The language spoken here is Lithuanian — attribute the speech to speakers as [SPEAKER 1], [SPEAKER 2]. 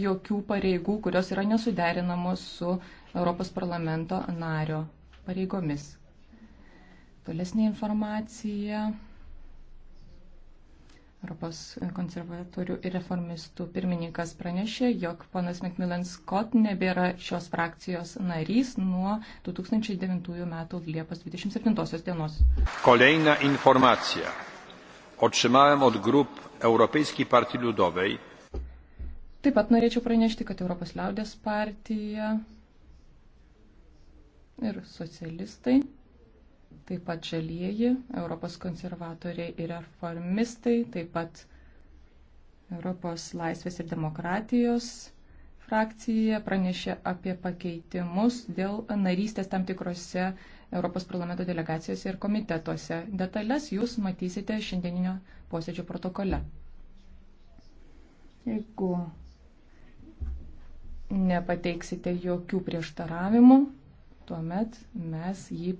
[SPEAKER 1] jokių pareigų, kurios yra nesuderinamos su Europos parlamento nario pareigomis. Tolesnė informacija. Europos konservatorių ir reformistų pirmininkas pranešė, jog ponas Macmillan Scott nebėra šios frakcijos narys nuo 2009 m. Liepos 27 dienos.
[SPEAKER 2] Kolejna informacija. Otrzymałem od grup Europejskiej Partii Ludowej
[SPEAKER 1] Taip pat norėčiau pranešti, kad Europos liaudės partija ir socialistai, taip pat žalieji, Europos konservatoriai ir reformistai, taip pat Europos laisvės ir demokratijos frakcija pranešė apie pakeitimus dėl narystės tam tikrose Europos parlamento delegacijose ir komitetuose. Detalės jūs matysite šiandieninio posėdžio protokole. Jeigu nepateiksite jokių prieštaravimų, tuomet mes jį